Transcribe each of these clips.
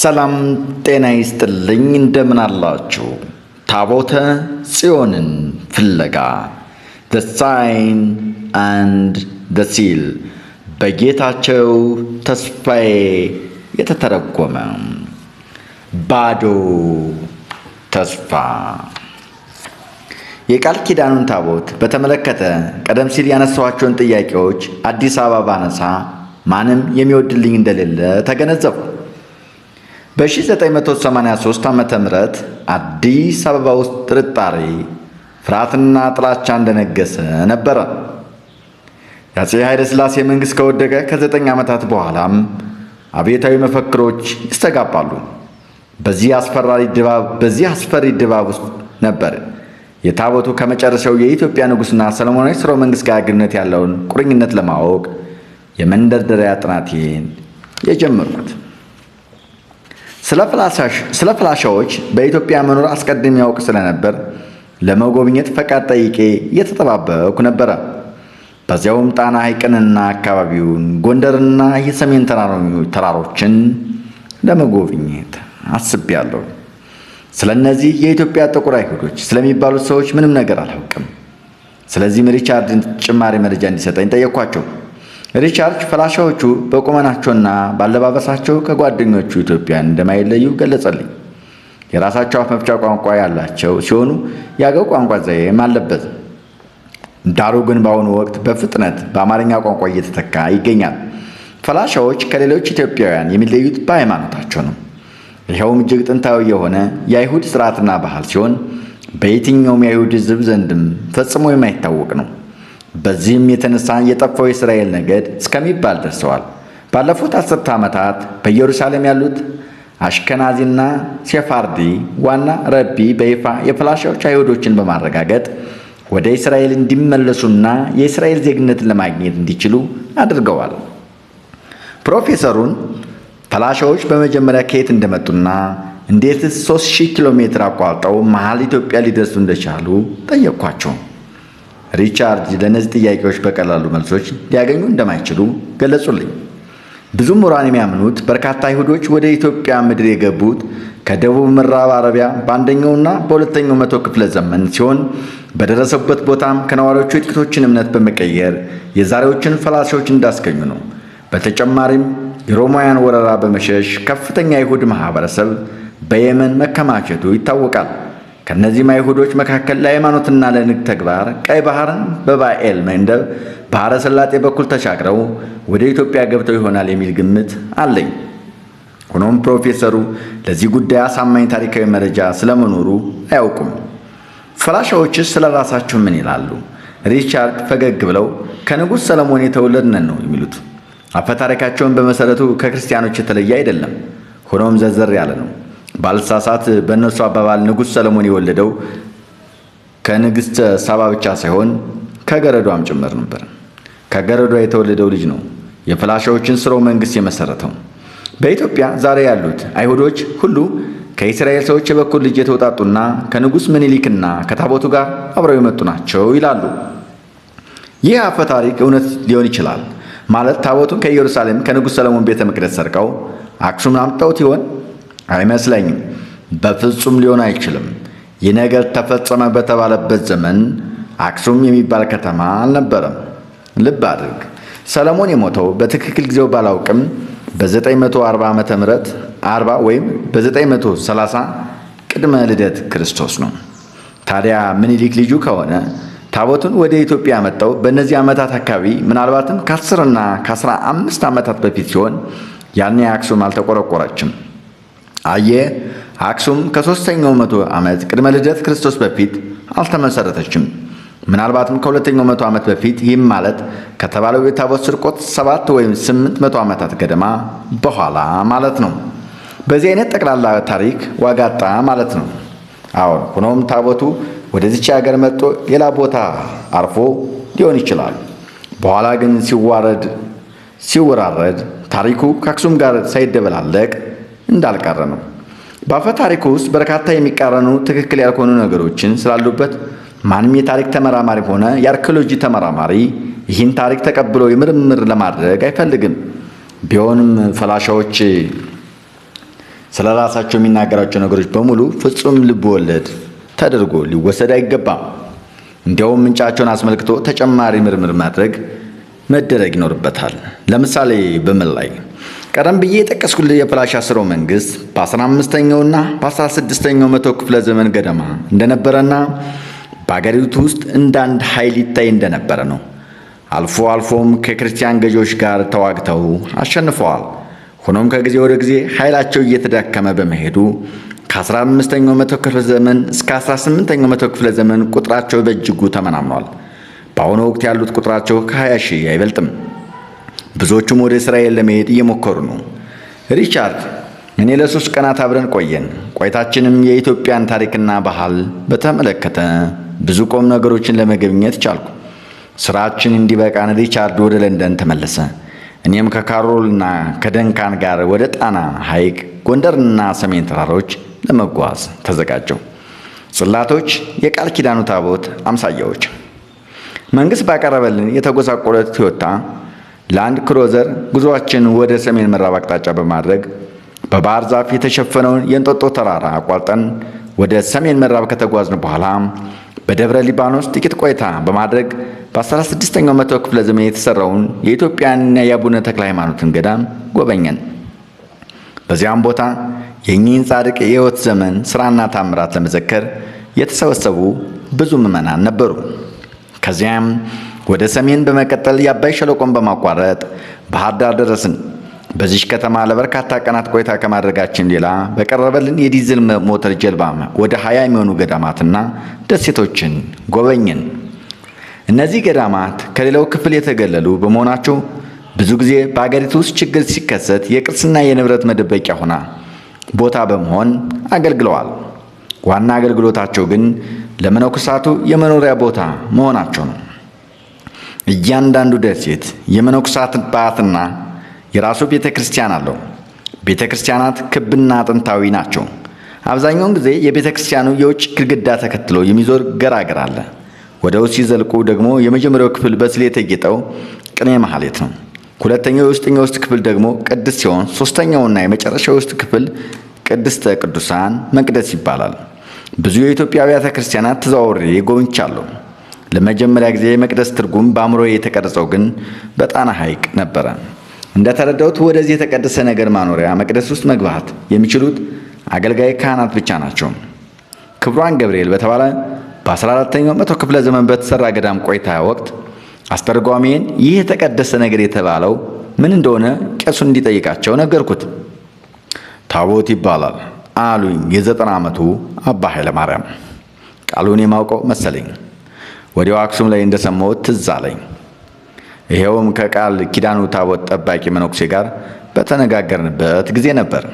ሰላም ጤና ይስጥልኝ። እንደምን አላችሁ? ታቦተ ጽዮንን ፍለጋ ዘ ሳይን አንድ ደ ሲል በጌታቸው ተስፋዬ የተተረጎመ ባዶ ተስፋ የቃል ኪዳኑን ታቦት በተመለከተ ቀደም ሲል ያነሳኋቸውን ጥያቄዎች አዲስ አበባ ባነሳ ማንም የሚወድልኝ እንደሌለ ተገነዘቡ። በ1983 ዓ ም አዲስ አበባ ውስጥ ጥርጣሬ፣ ፍርሃትና ጥላቻ እንደነገሰ ነበረ። የአፄ ሥላሴ መንግሥት ከወደቀ ከዘጠኝ ዓመታት በኋላም አብዮታዊ መፈክሮች ይስተጋባሉ። በዚህ አስፈራሪ ድባብ በዚህ አስፈሪ ድባብ ውስጥ ነበር የታቦቱ ከመጨረሻው የኢትዮጵያ ንጉሥና ሰለሞናዊ ሥርወ መንግሥት ጋር ግንኙነት ያለውን ቁርኝነት ለማወቅ የመንደርደሪያ ጥናቴን የጀመርኩት። ስለ ፍላሻዎች በኢትዮጵያ መኖር አስቀድሜ ያውቅ ስለነበር ለመጎብኘት ፈቃድ ጠይቄ እየተጠባበኩ ነበረ። በዚያውም ጣና ሐይቅንና አካባቢውን፣ ጎንደርና የሰሜን ተራሮችን ለመጎብኘት አስቤያለሁ። ስለ እነዚህ የኢትዮጵያ ጥቁር አይሁዶች ስለሚባሉት ሰዎች ምንም ነገር አላውቅም። ስለዚህም ሪቻርድን ጭማሪ መረጃ እንዲሰጠኝ ጠየቅኳቸው። ሪቻርድ ፈላሻዎቹ በቁመናቸውና ባለባበሳቸው ከጓደኞቹ ኢትዮጵያን እንደማይለዩ ገለጸልኝ። የራሳቸው አፍ መፍቻ ቋንቋ ያላቸው ሲሆኑ የአገው ቋንቋ ዘዬም አለበት። ዳሩ ግን በአሁኑ ወቅት በፍጥነት በአማርኛ ቋንቋ እየተተካ ይገኛል። ፈላሻዎች ከሌሎች ኢትዮጵያውያን የሚለዩት በሃይማኖታቸው ነው። ይኸውም እጅግ ጥንታዊ የሆነ የአይሁድ ስርዓትና ባህል ሲሆን በየትኛውም የአይሁድ ሕዝብ ዘንድም ፈጽሞ የማይታወቅ ነው። በዚህም የተነሳ የጠፋው የእስራኤል ነገድ እስከሚባል ደርሰዋል። ባለፉት አስርተ ዓመታት በኢየሩሳሌም ያሉት አሽከናዚና ሴፋርዲ ዋና ረቢ በይፋ የፈላሻዎች አይሁዶችን በማረጋገጥ ወደ እስራኤል እንዲመለሱና የእስራኤል ዜግነትን ለማግኘት እንዲችሉ አድርገዋል። ፕሮፌሰሩን ፈላሻዎች በመጀመሪያ ከየት እንደመጡና እንዴትስ 3000 ኪሎ ሜትር አቋርጠው መሃል ኢትዮጵያ ሊደርሱ እንደቻሉ ጠየቅኳቸው። ሪቻርድ ለእነዚህ ጥያቄዎች በቀላሉ መልሶች ሊያገኙ እንደማይችሉ ገለጹልኝ። ብዙ ምሁራን የሚያምኑት በርካታ አይሁዶች ወደ ኢትዮጵያ ምድር የገቡት ከደቡብ ምዕራብ አረቢያ በአንደኛውና በሁለተኛው መቶ ክፍለ ዘመን ሲሆን በደረሰበት ቦታም ከነዋሪዎቹ የጥቂቶችን እምነት በመቀየር የዛሬዎችን ፈላሲዎች እንዳስገኙ ነው። በተጨማሪም የሮማውያን ወረራ በመሸሽ ከፍተኛ የአይሁድ ማህበረሰብ በየመን መከማቸቱ ይታወቃል። ከእነዚህም አይሁዶች መካከል ለሃይማኖትና ለንግድ ተግባር ቀይ ባህርን በባኤል መንደብ ባሕረ ሰላጤ በኩል ተሻግረው ወደ ኢትዮጵያ ገብተው ይሆናል የሚል ግምት አለኝ። ሆኖም ፕሮፌሰሩ ለዚህ ጉዳይ አሳማኝ ታሪካዊ መረጃ ስለመኖሩ አያውቁም። ፈላሻዎችስ ስለ ምን ይላሉ? ሪቻርድ ፈገግ ብለው ከንጉሥ ሰለሞን የተወለድነን ነው የሚሉት። አፈታሪካቸውን በመሠረቱ ከክርስቲያኖች የተለየ አይደለም። ሆኖም ዘዘር ያለ ነው። ባልሳሳት በእነሱ አባባል ንጉሥ ሰለሞን የወለደው ከንግሥተ ሳባ ብቻ ሳይሆን ከገረዷም ጭምር ነበር። ከገረዷ የተወለደው ልጅ ነው የፍላሻዎችን ስርወ መንግሥት የመሠረተው። በኢትዮጵያ ዛሬ ያሉት አይሁዶች ሁሉ ከእስራኤል ሰዎች የበኩር ልጅ የተውጣጡና ከንጉሥ ምኒልክና ከታቦቱ ጋር አብረው የመጡ ናቸው ይላሉ። ይህ አፈ ታሪክ እውነት ሊሆን ይችላል። ማለት ታቦቱን ከኢየሩሳሌም ከንጉሥ ሰለሞን ቤተ መቅደስ ሰርቀው አክሱም አምጠውት ይሆን? አይመስለኝም። በፍጹም ሊሆን አይችልም። ይህ ነገር ተፈጸመ በተባለበት ዘመን አክሱም የሚባል ከተማ አልነበረም። ልብ አድርግ። ሰለሞን የሞተው በትክክል ጊዜው ባላውቅም በ940 ዓ ም 40 ወይም በ930 ቅድመ ልደት ክርስቶስ ነው። ታዲያ ምኒልክ ልጁ ከሆነ ታቦቱን ወደ ኢትዮጵያ ያመጣው በእነዚህ ዓመታት አካባቢ ምናልባትም ከ10 እና ከ15 ዓመታት በፊት ሲሆን ያኔ አክሱም አልተቆረቆረችም። አየ አክሱም ከሦስተኛው መቶ ዓመት ቅድመ ልደት ክርስቶስ በፊት አልተመሰረተችም። ምናልባትም ከሁለተኛው መቶ ዓመት በፊት ይህም ማለት ከተባለው የታቦት ስርቆት ሰባት ወይም ስምንት መቶ ዓመታት ገደማ በኋላ ማለት ነው። በዚህ አይነት ጠቅላላ ታሪክ ዋጋጣ ማለት ነው። አሁን ሆኖም ታቦቱ ወደዚች ሀገር መጥቶ ሌላ ቦታ አርፎ ሊሆን ይችላል። በኋላ ግን ሲዋረድ ሲወራረድ ታሪኩ ከአክሱም ጋር ሳይደበላለቅ እንዳልቀረ ነው። በአፈ ታሪኩ ውስጥ በርካታ የሚቃረኑ ትክክል ያልሆኑ ነገሮችን ስላሉበት ማንም የታሪክ ተመራማሪ ሆነ የአርኪኦሎጂ ተመራማሪ ይህን ታሪክ ተቀብሎ የምርምር ለማድረግ አይፈልግም። ቢሆንም ፈላሻዎች ስለ ራሳቸው የሚናገራቸው ነገሮች በሙሉ ፍጹም ልብ ወለድ ተደርጎ ሊወሰድ አይገባም። እንዲያውም ምንጫቸውን አስመልክቶ ተጨማሪ ምርምር ማድረግ መደረግ ይኖርበታል። ለምሳሌ በምን ላይ ቀደም ብዬ የጠቀስኩልህ የፕላሻ ስሮ መንግስት በ15ኛውና በ16ኛው መቶ ክፍለ ዘመን ገደማ እንደነበረና በአገሪቱ ውስጥ እንደ አንድ ኃይል ይታይ እንደነበረ ነው። አልፎ አልፎም ከክርስቲያን ገዢዎች ጋር ተዋግተው አሸንፈዋል። ሆኖም ከጊዜ ወደ ጊዜ ኃይላቸው እየተዳከመ በመሄዱ ከ15ኛው መቶ ክፍለ ዘመን እስከ 18ኛው መቶ ክፍለ ዘመን ቁጥራቸው በእጅጉ ተመናምኗል። በአሁኑ ወቅት ያሉት ቁጥራቸው ከ20 ሺህ አይበልጥም። ብዙዎቹም ወደ እስራኤል ለመሄድ እየሞከሩ ነው። ሪቻርድ እኔ ለሶስት ቀናት አብረን ቆየን። ቆይታችንም የኢትዮጵያን ታሪክና ባህል በተመለከተ ብዙ ቁም ነገሮችን ለመገብኘት ቻልኩ። ስራችን እንዲበቃን ሪቻርድ ወደ ለንደን ተመለሰ። እኔም ከካሮልና ከደንካን ጋር ወደ ጣና ሐይቅ፣ ጎንደርና ሰሜን ተራሮች ለመጓዝ ተዘጋጀው። ጽላቶች፣ የቃል ኪዳኑ ታቦት አምሳያዎች መንግሥት ባቀረበልን የተጎሳቆለ ቶዮታ ላንድ ክሮዘር ጉዞአችንን ወደ ሰሜን ምዕራብ አቅጣጫ በማድረግ በባህር ዛፍ የተሸፈነውን የእንጦጦ ተራራ አቋርጠን ወደ ሰሜን ምዕራብ ከተጓዝን በኋላ በደብረ ሊባኖስ ጥቂት ቆይታ በማድረግ በ16ኛው መቶ ክፍለ ዘመን የተሰራውን የኢትዮጵያንና የአቡነ ተክለ ሃይማኖትን ገዳም ጎበኘን። በዚያም ቦታ የእኚህን ጻድቅ የሕይወት ዘመን ሥራና ታምራት ለመዘከር የተሰበሰቡ ብዙ ምዕመናን ነበሩ። ከዚያም ወደ ሰሜን በመቀጠል የአባይ ሸለቆን በማቋረጥ ባህር ዳር ደረስን። በዚች ከተማ ለበርካታ ቀናት ቆይታ ከማድረጋችን ሌላ በቀረበልን የዲዝል ሞተር ጀልባ ወደ ሀያ የሚሆኑ ገዳማትና ደሴቶችን ጎበኝን። እነዚህ ገዳማት ከሌላው ክፍል የተገለሉ በመሆናቸው ብዙ ጊዜ በአገሪቱ ውስጥ ችግር ሲከሰት የቅርስና የንብረት መደበቂያ ሆና ቦታ በመሆን አገልግለዋል። ዋና አገልግሎታቸው ግን ለመነኮሳቱ የመኖሪያ ቦታ መሆናቸው ነው። እያንዳንዱ ደሴት የመነኮሳት ባትና የራሱ ቤተ ክርስቲያን አለው። ቤተ ክርስቲያናት ክብና ጥንታዊ ናቸው። አብዛኛውን ጊዜ የቤተ ክርስቲያኑ የውጭ ግድግዳ ተከትሎ የሚዞር ገራገር አለ። ወደ ውስጥ ሲዘልቁ ደግሞ የመጀመሪያው ክፍል በስዕል የተጌጠው ቅኔ ማህሌት ነው። ሁለተኛው የውስጠኛ ውስጥ ክፍል ደግሞ ቅድስት ሲሆን ሶስተኛውና የመጨረሻው ውስጥ ክፍል ቅድስተ ቅዱሳን መቅደስ ይባላል። ብዙ የኢትዮጵያ አብያተ ክርስቲያናት ተዘዋውሬ ጎብኝቻለሁ። ለመጀመሪያ ጊዜ የመቅደስ ትርጉም በአእምሮ የተቀረጸው ግን በጣና ሐይቅ ነበረ። እንደተረዳሁት ወደዚህ የተቀደሰ ነገር ማኖሪያ መቅደስ ውስጥ መግባት የሚችሉት አገልጋይ ካህናት ብቻ ናቸው። ክብሯን ገብርኤል በተባለ በ14ተኛው መቶ ክፍለ ዘመን በተሰራ ገዳም ቆይታ ወቅት አስተርጓሚን ይህ የተቀደሰ ነገር የተባለው ምን እንደሆነ ቄሱ እንዲጠይቃቸው ነገርኩት። ታቦት ይባላል አሉኝ የዘጠና ዓመቱ አባ ኃይለማርያም። ቃሉን የማውቀው መሰለኝ። ወዲያው አክሱም ላይ እንደሰማሁት ትዝ አለኝ። ይኸውም ከቃል ኪዳኑ ታቦት ጠባቂ መነኩሴ ጋር በተነጋገርንበት ጊዜ ነበር።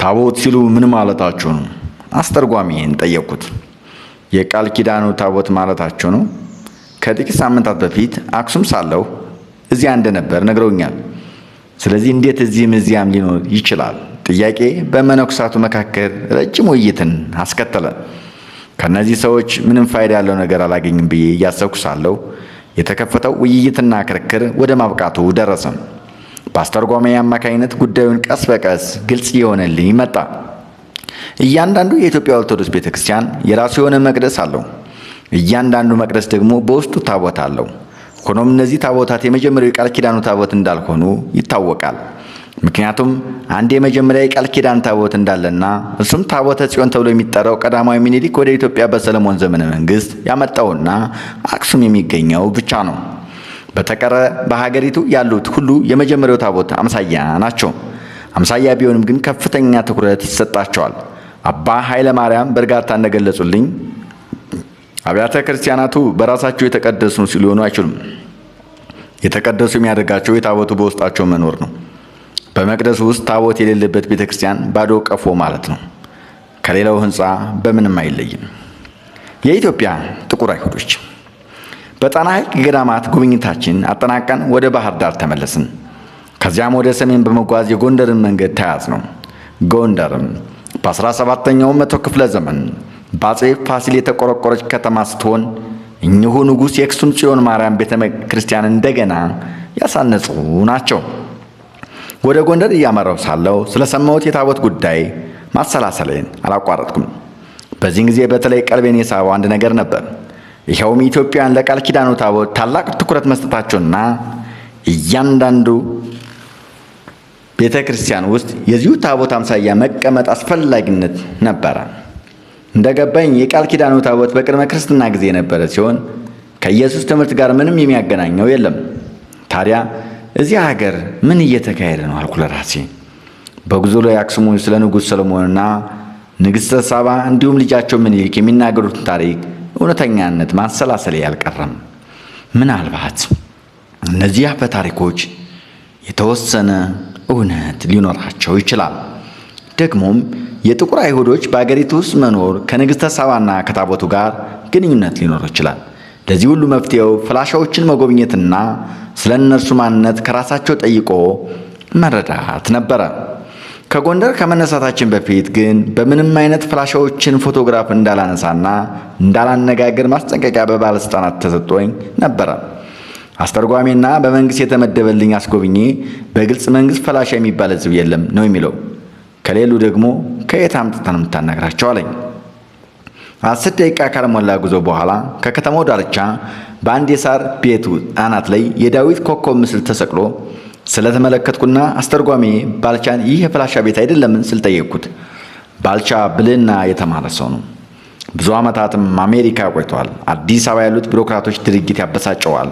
ታቦት ሲሉ ምን ማለታቸው ነው? አስተርጓሚን ጠየቅኩት። የቃል ኪዳኑ ታቦት ማለታቸው ነው። ከጥቂት ሳምንታት በፊት አክሱም ሳለሁ እዚያ እንደነበር ነግረውኛል። ስለዚህ እንዴት እዚህም እዚያም ሊኖር ይችላል? ጥያቄ በመነኩሳቱ መካከል ረጅም ውይይትን አስከተለ። ከእነዚህ ሰዎች ምንም ፋይዳ ያለው ነገር አላገኝም ብዬ እያሰብኩ ሳለሁ የተከፈተው ውይይትና ክርክር ወደ ማብቃቱ ደረሰ። በአስተርጓሚ አማካኝነት ጉዳዩን ቀስ በቀስ ግልጽ የሆነልኝ መጣ። እያንዳንዱ የኢትዮጵያ ኦርቶዶክስ ቤተ ክርስቲያን የራሱ የሆነ መቅደስ አለው። እያንዳንዱ መቅደስ ደግሞ በውስጡ ታቦት አለው። ሆኖም እነዚህ ታቦታት የመጀመሪያው የቃል ኪዳኑ ታቦት እንዳልሆኑ ይታወቃል። ምክንያቱም አንድ የመጀመሪያ የቃል ኪዳን ታቦት እንዳለና እሱም ታቦተ ጽዮን ተብሎ የሚጠራው ቀዳማዊ ሚኒሊክ ወደ ኢትዮጵያ በሰለሞን ዘመነ መንግስት ያመጣውና አክሱም የሚገኘው ብቻ ነው። በተቀረ በሀገሪቱ ያሉት ሁሉ የመጀመሪያው ታቦት አምሳያ ናቸው። አምሳያ ቢሆንም ግን ከፍተኛ ትኩረት ይሰጣቸዋል። አባ ኃይለ ማርያም በእርጋታ እንደገለጹልኝ አብያተ ክርስቲያናቱ በራሳቸው የተቀደሱ ሊሆኑ አይችሉም። የተቀደሱ የሚያደርጋቸው የታቦቱ በውስጣቸው መኖር ነው። በመቅደሱ ውስጥ ታቦት የሌለበት ቤተ ክርስቲያን ባዶ ቀፎ ማለት ነው። ከሌላው ህንፃ በምንም አይለይም። የኢትዮጵያ ጥቁር አይሁዶች በጣና ሐይቅ ገዳማት ጉብኝታችን አጠናቀን ወደ ባህር ዳር ተመለስን። ከዚያም ወደ ሰሜን በመጓዝ የጎንደርን መንገድ ተያዝ ነው። ጎንደርም በ17ኛው መቶ ክፍለ ዘመን በአጼ ፋሲል የተቆረቆረች ከተማ ስትሆን እኚሁ ንጉሥ የአክሱም ጽዮን ማርያም ቤተ ክርስቲያን እንደገና ያሳነጹ ናቸው። ወደ ጎንደር እያመራው ሳለው ስለሰማሁት የታቦት ጉዳይ ማሰላሰሌን አላቋረጥኩም። በዚህን ጊዜ በተለይ ቀልቤን የሳበው አንድ ነገር ነበር። ይኸውም ኢትዮጵያውያን ለቃል ኪዳኑ ታቦት ታላቅ ትኩረት መስጠታቸውና እያንዳንዱ ቤተ ክርስቲያን ውስጥ የዚሁ ታቦት አምሳያ መቀመጥ አስፈላጊነት ነበረ። እንደገባኝ የቃል ኪዳኑ ታቦት በቅድመ ክርስትና ጊዜ የነበረ ሲሆን ከኢየሱስ ትምህርት ጋር ምንም የሚያገናኘው የለም። ታዲያ እዚህ ሀገር ምን እየተካሄደ ነው አልኩ ለራሴ። በጉዞ ላይ አክሱም ስለ ንጉሥ ሰሎሞንና ንግሥተ ሳባ እንዲሁም ልጃቸው ምኒልክ የሚናገሩትን ታሪክ እውነተኛነት ማሰላሰሌ ያልቀረም ምናልባት እነዚህ አፈ ታሪኮች የተወሰነ እውነት ሊኖራቸው ይችላል። ደግሞም የጥቁር አይሁዶች በአገሪቱ ውስጥ መኖር ከንግሥተ ሳባና ከታቦቱ ጋር ግንኙነት ሊኖር ይችላል። ለዚህ ሁሉ መፍትሄው ፍላሻዎችን መጎብኘትና ስለ እነርሱ ማንነት ከራሳቸው ጠይቆ መረዳት ነበረ። ከጎንደር ከመነሳታችን በፊት ግን በምንም አይነት ፍላሻዎችን ፎቶግራፍ እንዳላነሳና እንዳላነጋገር ማስጠንቀቂያ በባለስልጣናት ተሰጥቶኝ ነበረ። አስተርጓሜና በመንግስት የተመደበልኝ አስጎብኜ በግልጽ መንግስት ፈላሻ የሚባል ህዝብ የለም ነው የሚለው። ከሌሉ ደግሞ ከየት አምጥተን የምታናግራቸው አለኝ። አስር ደቂቃ ካልሞላ ጉዞ በኋላ ከከተማው ዳርቻ በአንድ የሳር ቤቱ አናት ላይ የዳዊት ኮከብ ምስል ተሰቅሎ ስለተመለከትኩና አስተርጓሚ ባልቻን ይህ የፍላሻ ቤት አይደለምን ስል ጠየቅኩት። ባልቻ ብልህና የተማረ ሰው ነው። ብዙ ዓመታትም አሜሪካ ቆይተዋል። አዲስ አበባ ያሉት ቢሮክራቶች ድርጊት ያበሳጨዋል።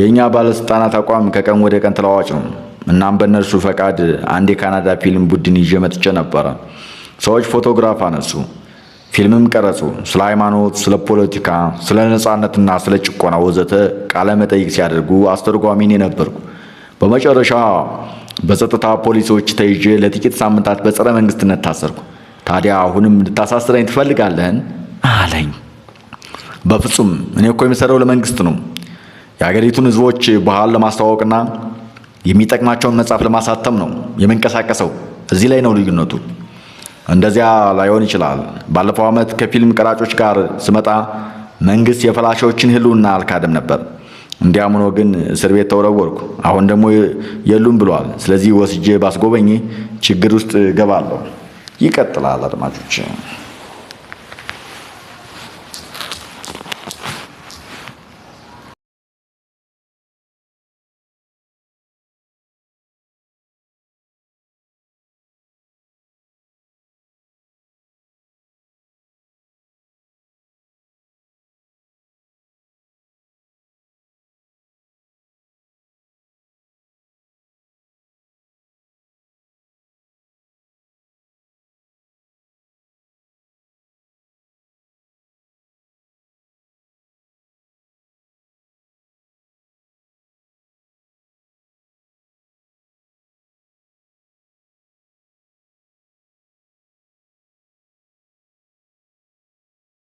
የእኛ ባለሥልጣናት አቋም ከቀን ወደ ቀን ተለዋዋጭ ነው። እናም በእነርሱ ፈቃድ አንድ የካናዳ ፊልም ቡድን ይዤ መጥቼ ነበረ። ሰዎች ፎቶግራፍ አነሱ። ፊልምም ቀረጹ። ስለ ሃይማኖት፣ ስለ ፖለቲካ፣ ስለ ነጻነትና ስለ ጭቆና ወዘተ ቃለ መጠይቅ ሲያደርጉ አስተርጓሚ እኔ ነበርኩ። በመጨረሻ በጸጥታ ፖሊሶች ተይዤ ለጥቂት ሳምንታት በጸረ መንግስትነት ታሰርኩ። ታዲያ አሁንም ልታሳስረኝ ትፈልጋለህን? አለኝ። በፍጹም እኔ እኮ የሚሰራው ለመንግስት ነው። የአገሪቱን ህዝቦች ባህል ለማስተዋወቅና የሚጠቅማቸውን መጽሐፍ ለማሳተም ነው የምንቀሳቀሰው። እዚህ ላይ ነው ልዩነቱ። እንደዚያ ላይሆን ይችላል። ባለፈው ዓመት ከፊልም ቀራጮች ጋር ስመጣ መንግሥት የፈላሾችን ሕልውና አልካደም ነበር። እንዲያም ሆኖ ግን እስር ቤት ተወረወርኩ። አሁን ደግሞ የሉም ብሏል። ስለዚህ ወስጄ ባስጎበኝ ችግር ውስጥ ገባለሁ። ይቀጥላል አድማጮች።